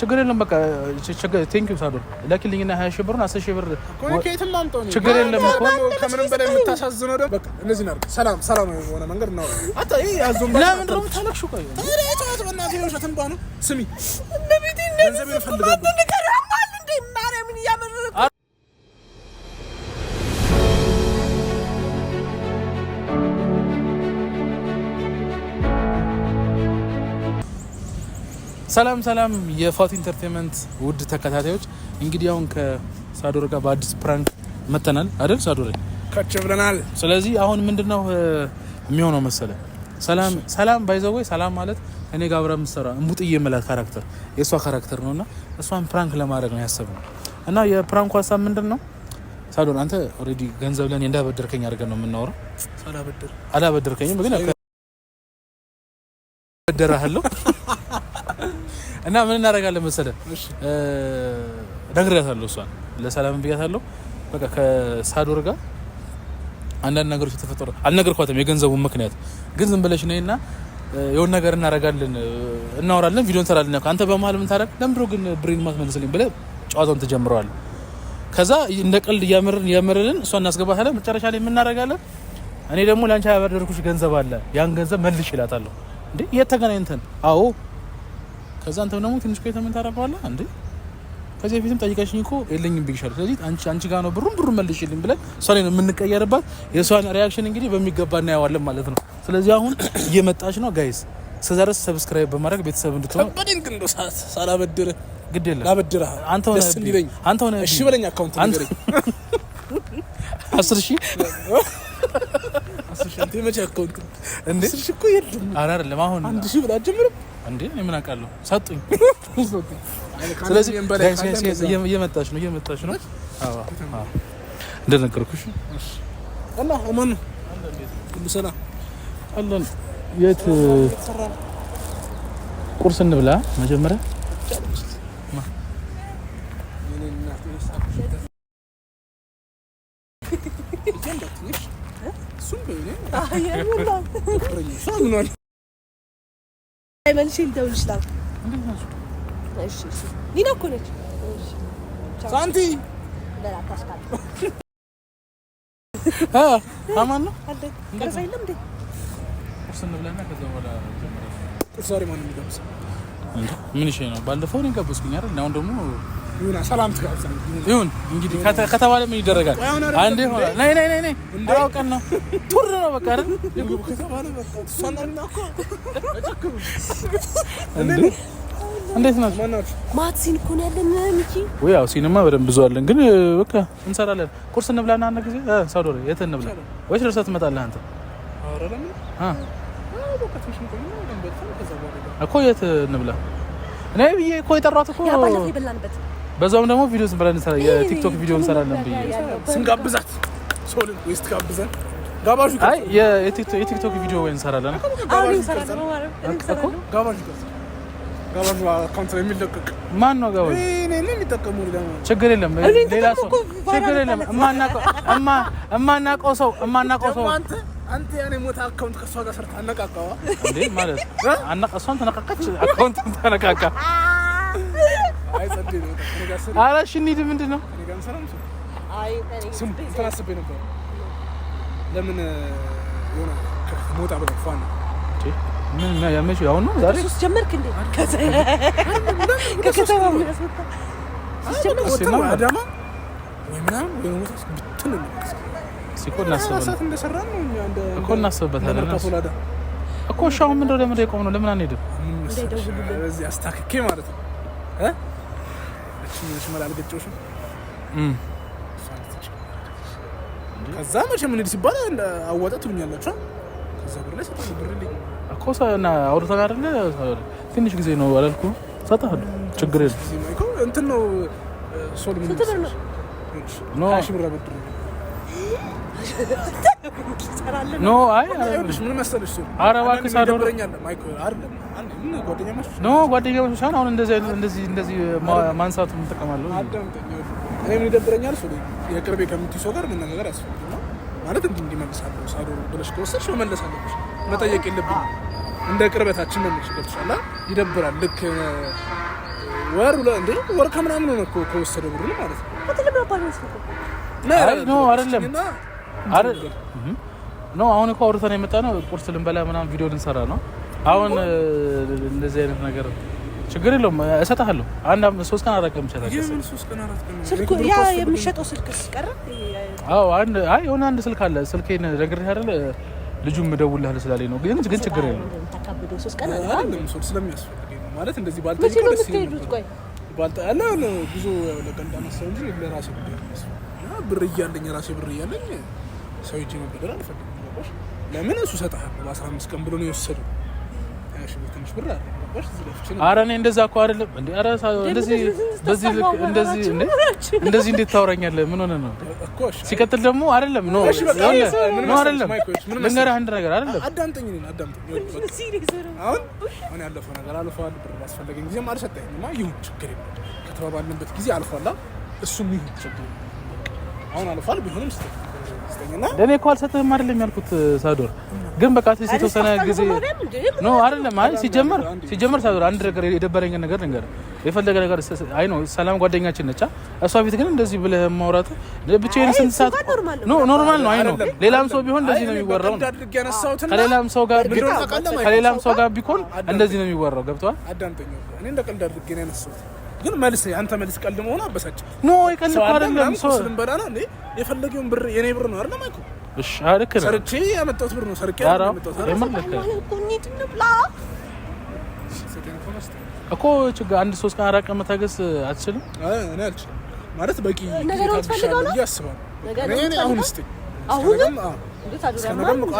ችግር የለም በቃ ቴንኪው ሳዶን ለኪልኝና ሀያ ሺህ ብሩን አስር ሺህ ብር ችግር የለም እኮ ከምንም በላይ የምታሳዝነው ደግሞ በቃ እነዚህ ነው ሰላም ሰላም የሆነ መንገድ ነው። ለምን ደግሞ ታለቅሽው? ቆይ ስሚ ሰላም ሰላም የፋት ኢንተርቴንመንት ውድ ተከታታዮች፣ እንግዲህ አሁን ከሳዶር ጋር በአዲስ ፕራንክ መተናል አይደል? ሳዶር ከች ብለናል። ስለዚህ አሁን ምንድነው የሚሆነው መሰለ ሰላም ሰላም ባይዘወይ ሰላም ማለት እኔ ጋር አብራ የምትሰራ እምቡጥዬ የምላት ካራክተር የእሷ ካራክተር ነው እና እሷን ፕራንክ ለማድረግ ነው ያሰብነው እና የፕራንኩ ሀሳብ ምንድን ነው? ሳዶር አንተ ኦልሬዲ ገንዘብ ለእኔ እንዳበደርከኝ አድርገን ነው የምናወራው። አላበደርከኝም ግን በደራለሁ እና ምን እናደርጋለን መሰለህ፣ ነግሬያታለሁ። እሷን ለሰላም ብያታለሁ። በቃ ከሳዶር ጋር አንዳንድ ነገሮች የተፈጠሩ አልነገርኳትም፣ የገንዘቡን ምክንያት ግን ዝም ብለሽ እና የሆነ ነገር እናደርጋለን፣ እናወራለን፣ ቪዲዮ እንሰራለን። አንተ በመሀል ምን ታደርግ ለምድሮ ግን ብሬን ማትመልስልኝ ብለህ ጨዋታውን ትጀምረዋል። ከዛ እንደ ቀልድ እያመርን እያመረልን እሷ እናስገባታለን። መጨረሻ ላይ የምናደርጋለን እኔ ደግሞ ለአንቺ ያበደርኩሽ ገንዘብ አለ ያን ገንዘብ መልሽ ይላታለሁ። እንዴ የተገናኝተን አዎ ከዛ አንተም ደግሞ ትንሽ ቆይ ምን ታረፈዋለህ እንዴ ከዚህ በፊትም ጠይቀሽኝ እኮ የለኝም ብይሻል። ስለዚህ አንቺ አንቺ ጋር ነው ብሩን ብሩን መልሽልኝ ብለን እሷ ላይ ነው የምንቀየርባት። የእሷን ሪያክሽን እንግዲህ በሚገባ እናየዋለን ማለት ነው። ስለዚህ አሁን እየመጣች ነው ጋይስ። እስከዛ ድረስ ሰብስክራይብ በማድረግ ቤተሰብ እንድትሆን ከበደኝ። ግን እንደው ሳላበድርህ ግድ የለም ላበድርህ። አንተ ሆነ እሺ በለኝ አካውንት ንገረኝ አስር ሺህ አንተ መቼ አካውንት እንዴ? ስልሽ እኮ የለም። ኧረ አይደለም። አሁን አንድ ሺህ ብር አትጀምርም እንዴ? እኔ ምን አውቃለሁ? ሰጡኝ። ስለዚህ እየመጣሽ ነው፣ እየመጣሽ ነው። አዎ አዎ፣ እንደነገርኩሽ እና ኦማን ሁሉ ሰላም አለን። የት ቁርስ እንብላ መጀመሪያ መልሼ ልደውል ይችላል። ሊና እኮ ነች። ሳንቲ ነው። ምን ይሻ ነው? ባለፈው እኔ ጋበዝኩኝ አይደል? አሁን ደግሞ ይሁን እንግዲህ ከተባለ ምን ይደረጋል? አንዴ ነይ ነይ ነይ ነይ ነው ቱር ነው በቃ አይደል? እንዴት ናችሁ? ማት ሲን እኮ ነው ያለን። ሚኪ ወይ ያው ሲንማ በደንብ ብዙ አለን፣ ግን በቃ እንሰራለን። ቁርስ እንብላና አንድ ጊዜ ሳዶ የት እንብላ? ወይስ ደርሰህ ትመጣለህ አንተ? እኮ የት እንብላ? ነይ ብዬ እኮ የጠራት እኮ በዛውም ደግሞ ቪዲዮ ስንበላ እንሰራ የቲክቶክ ቪዲዮ እንሰራለን ብዬ ስንጋብዛት ሶልን ዌስት ጋብዘን ጋባሹ አይ የቲክቶክ ቪዲዮ ወይ እንሰራለን ማን ነው ጋባሹ? ችግር የለም ሌላ ሰው ችግር የለም። እማናውቀው ሰው እማናውቀው ሰው አንተ ያኔ ሞታ አካውንት ከእሷ ጋር ሰርታ አነቃቃዋ እንዴ ማለት አነቃ እሷን ተነቃቃች፣ አካውንት ተነቃቃ ኧረ እሺ እንሂድ። ምንድን ነው እንትን አስቤ ነበር። ለምን የሆነ መውጣ ብለን ፏን ነው መቼ አሁን ነው ዛሬ ሦስት ጀመርክ እንደ ከከተማ አዳማ ነው ለምን አንሄድም? አስታክኬ ማለት ነው ሽመል አልገጨውሽም። ከዛ መቼ ምን ሲባል አዋጣ ትሉኛላችሁ። ከዛ ብር ላይ ሰጠ ብር እኮ አውርተን አይደለ? ትንሽ ጊዜ ነው አላልኩም? ሰጥሃለሁ፣ ችግር የለም እንትን ነው ሶል ምን መሰለሽ ነው ጓደኛ መሽ ሻን አሁን እንደዚህ እንደዚህ እንደዚህ ማንሳቱ እንጠቀማለሁ። እኔ ምን ይደብረኛል፣ ሱሪ የቅርቤ ከምትይ ሰው ጋር መነጋገር ያስፈልግ ማለት እንዲህ እንዲመልሳለሁ ሳዶ ብለሽ ከወሰድሽ መመለስ አለብሽ። መጠየቅ የለብኝም እንደ ቅርበታችን መመለስ ገብቶሻል። ይደብራል። ልክ ወር እንደ ወር ከምናምን ሆነ እኮ ከወሰደ ብሩ ማለት ነው። አይደለም ነው አሁን እኮ አውርተን የመጣ ነው። ቁርስ ልንበላ ምናምን ቪዲዮ ልንሰራ ነው አሁን እንደዚህ አይነት ነገር ችግር የለውም፣ እሰጥሃለሁ። አንድ ሶስት ቀን አራት ቀን የሚሸጠው ስልክ ሲቀረ አይ የሆነ አንድ ስልክ አለ። ስልኬን ነግሬህ አይደል? ልጁ የምደውልልህ ስላለኝ ነው። ግን ግን ችግር የለውም ማለት እንደዚህ ብዙ ብር እያለኝ ብር እያለኝ ሰው እጅ መበደር አልፈልግም። ለምን እሱ እሰጥሃለሁ በአስራ አምስት ቀን ብሎ ነው የወሰደው ኧረ እኔ እንደዛ እኮ አይደለም። እንደዚህ በዚህ እንደዚህ እንደዚህ እንዴ እንዴት ታወራኛለህ? ምን ሆነ ነው? ሲቀጥል ደግሞ አይደለም ነው አይደለም፣ ልንገርህ አንድ ነገር አይደለም። አዳምጠኝ፣ አሁን ያለፈው ነገር አልፏል። ብር ባስፈለገኝ ጊዜ አልሰጠኝም። ይሁን ችግር የለም። ከተባባልንበት ጊዜ አልፏል። እሱም ይሁን ችግር አሁን አልፏል። ቢሆንም ስትል ለእኔ እኮ አልሰጥህም አይደለም ያልኩት ሳዶር ግን በቃ አትሊስት የተወሰነ ጊዜ ኖ አይደለም። አይ ሲጀመር ሲጀመር ሳዶር አንድ ነገር የደበረኝን ነገር ነገር የፈለገ ነገር አይ ነው ሰላም ጓደኛችን ነቻ። እሷ ቤት ግን እንደዚህ ብለህ ማውራት ብቻዬን ስንት ሰዓት ኖ ኖርማል ነው። አይ ነው ሌላም ሰው ቢሆን እንደዚህ ነው የሚወራው። ከሌላም ሰው ጋር ከሌላም ሰው ጋር ቢሆን እንደዚህ ነው የሚወራው። ገብቷል። ግን መልስ አንተ መልስ ቀልድ መሆኑ አበሳጭ ኖ አይደለም። ነው የፈለገውን ብር የኔ ብር ነው አይደለም እኮ እሺ፣ ልክ ነው ሰርቼ ያመጣሁት ብር ነው ሰርቼ ያመጣሁት እኮ ችግር አንድ ሶስት ቀን አራት ቀን መታገስ አትችልም? እኔ አልችልም ማለት በቂ አሁን እስቲ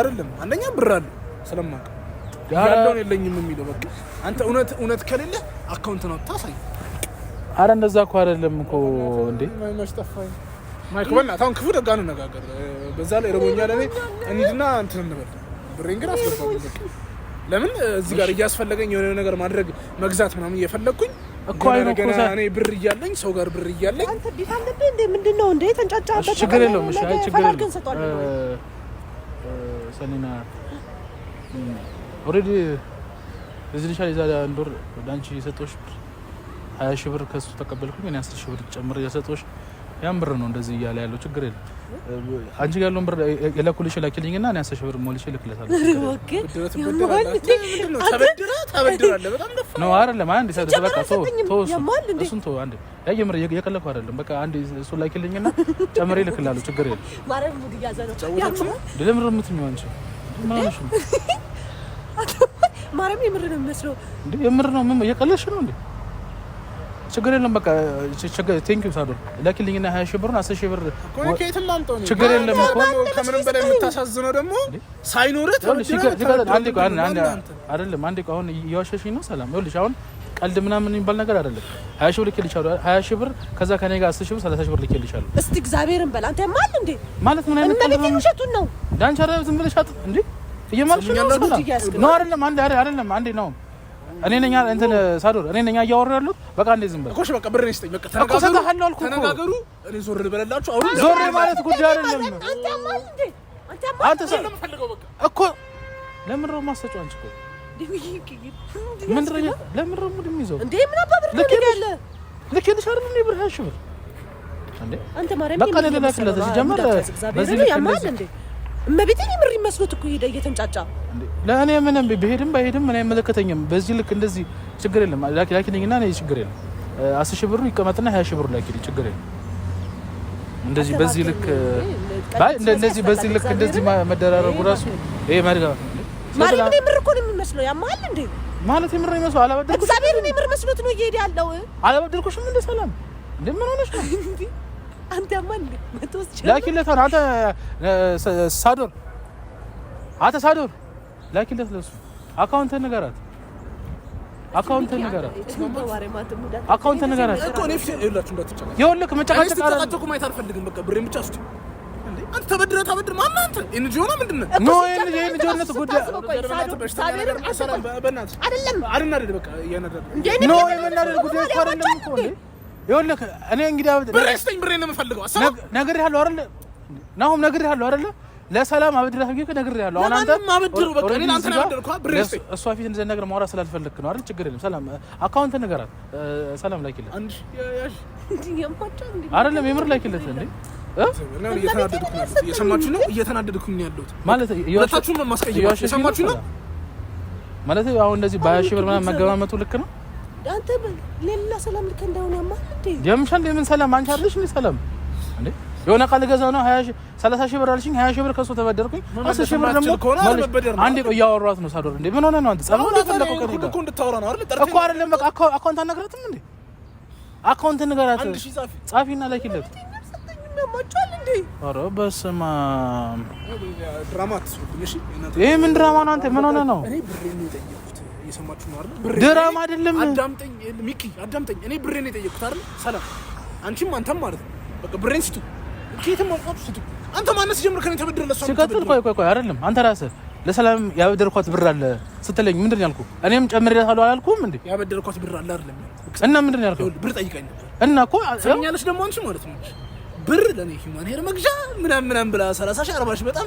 አይደለም አንደኛ ብር አለ ስለማውቅ ያለውን የለኝም የሚለው በቃ አንተ እውነት እውነት ከሌለ አካውንት ነው ታሳይ አረ እንደዛ እኮ አይደለም እኮ እንዴ ማይክ በና ታውን ክፉ ደጋ እንነጋገር። በዛ ላይ ረቦኛ ለኔ እንድና እንትን እንበል ብሬን ግን አስገባው። ለምን እዚህ ጋር እያስፈለገኝ የሆነ ነገር ማድረግ መግዛት ምናምን እየፈለግኩኝ እኮ አይኖ እኮ እኔ ብር እያለኝ ሰው ጋር ብር እያለኝ አንተ ቢፋ እንዴ? ምንድን ነው እንዴ? ተንጫጫበት። ችግር የለውም። እሺ፣ አይ ችግር የለውም። ሰኒና ኦልሬዲ እዚህ ልሻል የዛሬ አንድ ወር ወደ አንቺ የሰጠሁሽ ሀያ ሺህ ብር ከሱ ተቀበልኩኝ እኔ አስር ሺህ ብር ጨምር የሰጦች ያን ብር ነው እንደዚህ እያለ ያለው ችግር የለም። አንቺ ጋር ያለውን ብር የላኩልሽ ላኪልኝ እና እኔ አስር ሺህ ብር ሞልሽ እልክለታለሁ። ነው እሱን ተወው። አንድ የምር እየቀለኩ አይደለም። በቃ አንድ እሱ ላኪልኝ እና ጨምሬ እልክላለሁ። ችግር የለም። ለምር የምትይው አንቺ ማለሽ ነው ማርያም፣ የምር ነው የሚመስለው። የምር ነው። ምን ነው እንዴ? ችግር የለም በቃ ቴንክ ዩ ሳዶ ለኪልኝና ሀያ ሺህ ብሩን አስር ሺህ ብር ችግር የለም እኮ ከምንም በላይ የምታሳዝነው ደግሞ ሳይኖርህ አይደለም። አንዴ አሁን እየዋሸሽኝ ነው። ሰላም ይኸውልሽ፣ አሁን ቀልድ ምናምን የሚባል ነገር አይደለም። ሀያ ሺህ ብር ልኬልሻለሁ፣ ሀያ ሺህ ብር ከዛ ከኔ ጋር አስር ሺህ ብር ሰላሳ ሺህ ብር ልኬልሻለሁ። እስቲ እግዚአብሔርን በል አንተ ማል እንዴ ማለት ምን አይነት ነው? ውሸቱን ነው ዳንቻ ዝም ብለሽ እንዴ እየማልሽ ነው። አይደለም አንዴ አይደለም አንዴ ነው እኔ ነኝ እንትን ሳዶር እኔ ነኝ እያወሩ ያሉት። በቃ እንደ ዝም በል እኮ እሺ፣ በቃ ብር ይስጠኝ። በቃ ተነጋገሩ። እኔ ዞር በለላችሁ። አሁን ዞር ማለት ጉዳይ አይደለም። አንተ ሰው እኮ ለምን ነው የማሰጪው? አንቺ እኮ ምንድን ነው ለምን ነው ሙድ የሚይዘው እንዴ? ምን አባ ብር ያለ ልክ ልሽ አይደል እንዴ? ብር ያሽብር እንዴ አንተ ማረም በቃ ለሌላ ስለዚህ ጀመረ በዚህ ልክ እመቤቴን የምር ይመስሎት እኮ ሄደ እየተንጫጫ። ለእኔ ምንም ብሄድም ባይሄድም ምን አይመለከተኝም። በዚህ ልክ እንደዚህ ችግር የለም። ላኪ ላኪ ነኝና እኔ ችግር የለም። አስር ሺህ ብሩ ይቀመጥና ሀያ ሺህ ብሩ ላኪልኝ፣ ችግር የለም። እንደዚህ በዚህ ልክ እንደዚህ በዚህ ልክ እንደዚህ መደራረጉ ራሱ ይሄ ማድጋ ማሪም እኔ የምር እኮ ነው የሚመስለው። ያማል እንዴ ማለት የምር ነው የሚመስለው። አላበደልኩሽም። እግዚአብሔር ነው የምር መስሎት ነው እየሄደ ያለው። አላበደልኩሽም። እንደ ሰላም እንደምን ሆነሽ ነው ላኪለት አንተ ሳዶር አንተ ሳዶር ላኪለት ለሱ አካውንትን ንገራት አካውንትን ንገራት አካውንትን ንገራት እኮ ነው ፍሽ ይላችሁ እንዳትጨቃጨቁ ይኸውልህ መጨቃጨቅ አልተጨቃጨቁ ማየት አልፈልግም በቃ ብሬን ብቻ እስቲ አንተ ተበድረህ ታበድር ማነህ አንተ ኤንጂኦ ነው ምንድን ነው ኖ ኤንጂኦ ኤንጂኦ ጉዳይ አይደለም አይደለም በቃ እያናደደ ኖ የመናደድ ጉዳይ እኮ አይደለም እኮ ይኸውልህ እኔ እንግዲህ ብሬስተኝ ብሬን ነው የምፈልገው። አሰማ ነግሬሃለሁ አይደል? ናሁም ነግሬሃለሁ አይደል? ለሰላም አበድራት ብዬሽ ነግሬሃለሁ። አሁን አንተ አበድሩ በቃ እኔ አንተ አበድርኩ። ብሬስተኝ እሷ ፊት እንደዚህ ነገር ማውራት ስላልፈልክ ነው አይደል? ችግር የለም። ሰላም አካውንት ንገራት። ሰላም ላኪለት። ያሽ አይደለም የምር ላኪለት እንዴ ነው? ማለት ነው ነው ማለት አሁን እንደዚህ በሀያ ሺህ ብር ምናምን መገማመቱ ልክ ነው አንተ ሌላ ሰላም ልክ እንደሆነማ የምሻል የምን ሰላም አንቺ አይደለሽ ምን ሰላም እንዴ? የሆነ ቃል ገዛ ነው 20 30 ሺህ ብር አልሽኝ፣ 20 ሺህ ብር ከሱ ተበደርኩኝ። 10 ሺህ ብር ደግሞ አንዴ ቆይ እያወራሁት ነው ሳዶር። እንዴ ምን ሆነ ነው አንተ ጸሎት ነው ተለቀቀ ነው እኮ እንድታወራ ነው አይደል? እኮ አይደለም በቃ አካውንት አናግራትም እንዴ? አካውንት ንገራት፣ ጻፊና ላኪለት። ኧረ በስመ አብ ይሄ ምን ድራማ ነው? አንተ ምን ሆነ ነው እየሰማችሁ ነው አይደል? ድራማ አይደለም። አዳምጠኝ ሚኪ፣ አዳምጠኝ። እኔ ብሬን የጠየቁት አይደል? ሰላም፣ አንቺም አንተም ማለት ነው። በቃ ብሬን ስቱ፣ ከየትም አምጣችሁ ስቱ። አንተ ማነስ ጀምር ከኔ ተበድር ለሷ ሲቀጥል፣ ቆይ ቆይ ቆይ፣ አይደለም አንተ ራስህ ለሰላም ያበደርኳት ብር አለ ስትለኝ ምንድን ያልኩ? ያልኩህ? እኔም ጨምሬልሃለሁ አላልኩም እንዴ? ያበደርኳት ብር አለ አይደለም? እና ምንድን ያልኩ? ብር ጠይቀኝ እና እኮ ሰኛለች ደግሞ አንቺ ማለት ነው ብር ለኔ ሂማን ሄር መግዣ ምናምን ምናምን ብላ 30 ሺህ 40 ሺህ በጣም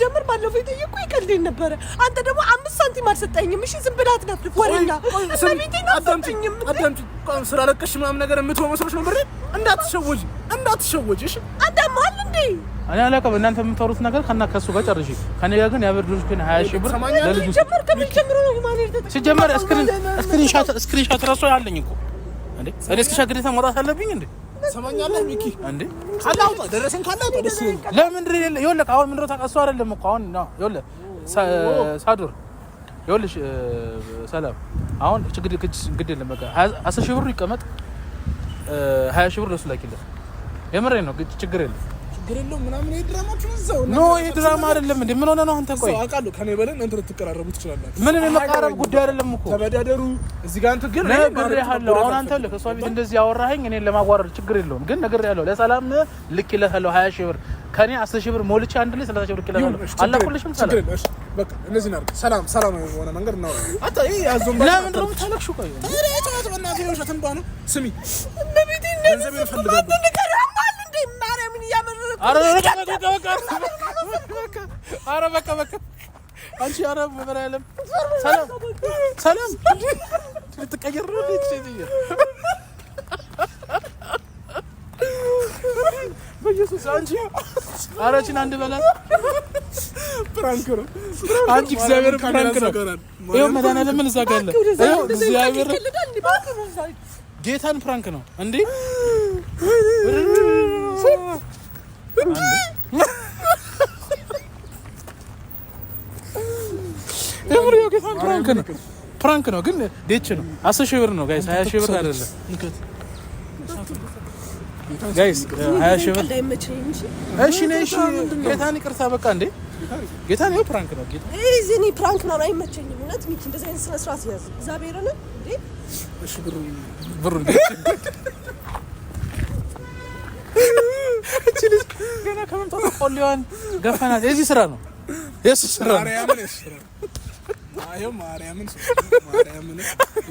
ሲጀምር ባለፈው የጠየቁ ይቀልዴን ነበረ። አንተ ደግሞ አምስት ሳንቲም አልሰጠኝም። እሺ ዝም ብላት ነፍልፍ ወሬኛ ቤቴን አልሰጠኝም። ለቀሽ ምናምን ነገር የምትሆ መስሎሽ ብሬ እንዳትሸወጂ እንዳትሸወጂ። እሺ አዳማል እንዴ እኔ አላውቅም። እናንተ የምታወሩት ነገር ከና ከሱ ጋር ጨርሺ። ከኔ ጋር ግን ያብር ልጅ ግን ሀያ ሺህ ብር ሲጀመር ሻት ራሱ አለኝ እኮ እኔ ሻት ግዴታ መውጣት አለብኝ እንዴ ሰማኛለህ ሚኪ ካላውጣ ደስ አሁን አይደለም እኮ አሁን ነው ሳዱር ይኸውልሽ፣ ሰላም አሁን ችግር ግድ የለም በቃ አስር ሺህ ብሩ ይቀመጥ፣ ሀያ ሺህ ብር ለእሱ ላኪለት። የምሬን ነው፣ ችግር የለም ችግር የለውም ምናምን። ይሄ ድራማችሁ እዛው ኖ፣ ይሄ ድራማ አይደለም እንዴ? ምን ሆነ ነው አንተ? ቆይ አውቃለሁ፣ ከኔ በለን እንትን ልትቀራረቡ ትችላላችሁ። ምን የመቀራረብ ጉዳይ አይደለም እኮ ተበዳደሩ። እዚህ ጋር እንትን ግን እኔ ነግሬሃለሁ። አሁን አንተ ልክ እሷ ፊት እንደዚህ ያወራኸኝ እኔን ለማዋረድ ችግር የለውም ግን ነግሬሃለሁ። ለሰላም ልክ ይለታለሁ። ሀያ ሺህ ብር ከኔ አስር ሺህ ብር ሞልቼ አንድ ላይ ሰላሳ ሺህ ብር ይለታለሁ። አላኩልሽም። ሰላም ሰላም የሆነ መንገድ ነው። አታ ነው የምታለቅሽው? ቆይ ታዲያ ታዲያ በእናትህ እንደዚህ ኧረ በቃ በቃ አንቺ ኧረ በመድኃኒዓለም ሰላም ሰላም ልትቀየር ነው በኢየሱስ አንቺ ኧረ አንድ በላት ፕራንክ ነው አንቺ እግዚአብሔር ፕራንክ ነው ይኸው መድኃኒዓለምን እግዚአብሔር ጌታን ፕራንክ ነው እንዴ የምር ያው ጌታን ፕራንክ ነው ፕራንክ ነው ግን ዴች ነው። አስር ሺህ ብር ነው ጋይስ፣ ሀያ ሺህ ብር አይደለም ጋይስ፣ ሀያ ሺህ ብር። እሺ ነይ እሺ፣ ጌታን ይቅርታ በቃ እንዴ ጌታን ይኸው ፕራንክ ነው ጌታ። እዚህ እኔ ፕራንክ ነው አይመቸኝም። እውነት ሚኪ እንደዚህ አይነት ስነ ስርዓት ያዝ እግዚአብሔርን እንዴ። እሺ ብሩ ገና ከመምጣቱ ቆሌዋን ገፈናት። የዚህ ስራ ነው የሱ ስራ ነው። ማርያምን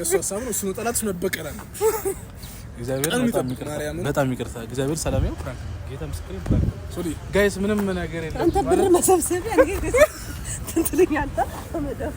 የሱ ሀሳብ ነው። እሱን ጠላት መበቀል ነው። በጣም ይቅርታ እግዚአብሔር ሰላም ይሁን። ፍራንክ ጌታ ምስክር ይባል። ሶሪ ጋይስ ምንም ነገር የለም። አንተ ብር መሰብሰቢያ ትንትልኛ አንተ በመዳፍ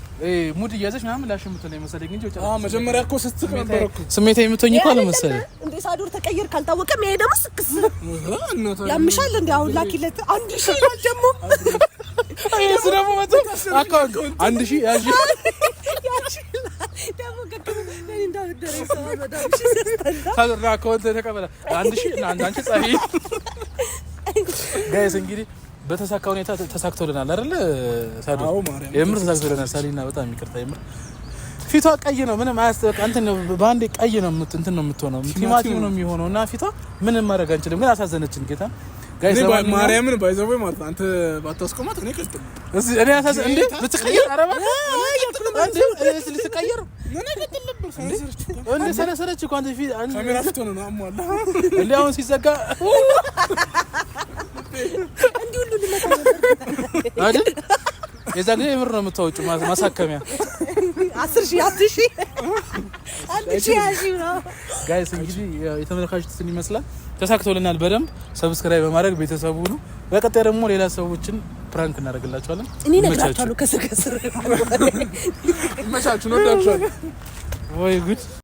ሙድ እያዘች ምናምን ላሽ የምትሆን የመሰለኝ እንጂ መጀመሪያ እኮ ስትል ነበር እኮ ስሜት የምትሆኝ እኮ አልመሰለኝ። እንደ ሳዶር ተቀየር ካልታወቀ ይሄ ደግሞ ስክስ ያምሻል። እንደ አሁን ላኪለት አንድ ሺህ ይላል ደግሞ እሱ ደግሞ መቶ አካውንት አንድ ሺህ ያዥ ከአካውንት ተቀበለ አንድ ሺህ እና አንቺ ጸሪ ጋይስ እንግዲህ በተሳካ ሁኔታ ተሳክቶልናል አይደል? ሳዶ የምር ተሳክቶልናል። ሳሊና በጣም ይቅርታ የምር ፊቷ ቀይ ነው። ምንም አያስበቃ እንትን ነው። በአንዴ ቀይ ነው እንትን ነው የምትሆነው፣ ቲማቲም ነው የሚሆነው እና ፊቷ ምንም ማድረግ አንችልም። ግን አሳዘነችን ጌታ ማርያምን ባይዘቦ ማለት አንተ ባታስቆማት እኔ እኔ እንዴ እንዴ ሰለሰለች እኮ አንተ ፊት ካሜራ ፊት ሆነ ነው አሟላ አሁን ሲዘጋ አይደል? የዛ ጊዜ የምር ነው የምታወጩ ማሳከሚያ አስር ሺህ አስር ሺህ አንድ ሺህ ሺህ ነው። ጋይስ እንግዲህ የተመለካችሁትን ይመስላል ተሳክቶልናል። በደንብ ሰብስክራይብ በማድረግ ቤተሰቡ ሁሉ በቀጣይ ደግሞ ሌላ ሰዎችን ፕራንክ እናደርግላቸዋለን። እኔ ነግራቸዋለሁ። ከስር ከስር ይመቻችሁ ነው። ወይ ጉድ